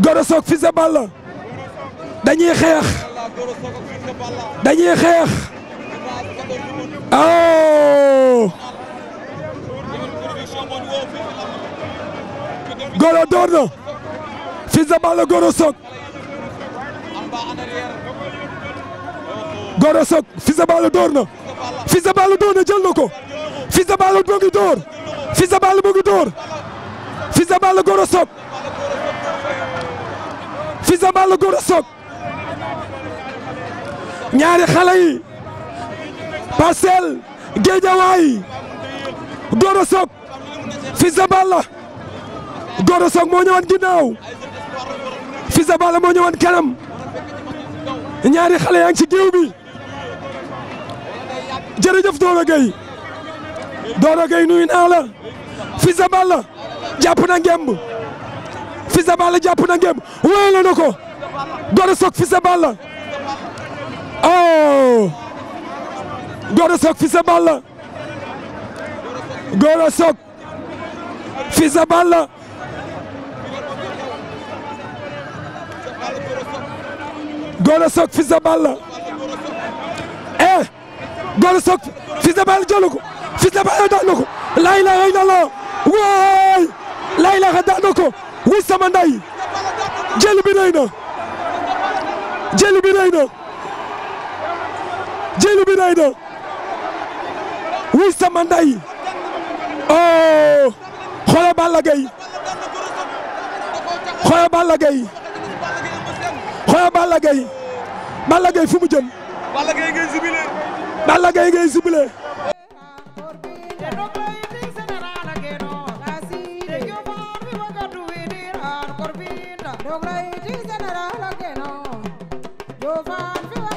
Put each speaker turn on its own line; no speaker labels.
Gora Sock Fils de Balla dañuy xeex dañuy xeex oh Gora door na Fils de Balla Gora Sock Gora Sock Fils de Balla door na Fils de Balla door na jël na ko Fils de Balla mu ngi door Fils de Balla mu ngi door Fils de Balla Gora Sock Fils de Balla Gora Sock ñaari xale yi Parcelles Guédiawaye Gora Sock Fils de Balla Gora Sock moo ñëwoon ginnaaw Fils de Balla moo ñëwoon kanam ñaari xale yaa ngi ci géew bi jërëjëf Doro Gueye Doro Gueye nuyu naa la Fils de Balla jàpp na ngemb Fils de Balla jàpp na ngeen wéyale na ko Gora Sock Fils de Balla oh Gora Sock Fils de Balla Gora Sock Fils de Balla Gora Sock Fils de Balla eh Gora Sock Fils daan na ko laa ilaaha illallaah waay laa daan na ko wuy sama nday jëli bi rëy na jëli bi rëy na jëli bi nday oh xoolal Balla Gaye xoolal Balla Gaye xoolal Balla Gaye Balla Gaye fu Balla Gaye ngay zibilé. Balla Gaye ngay zibilé.
por fin la logra y general a que no. Yo fan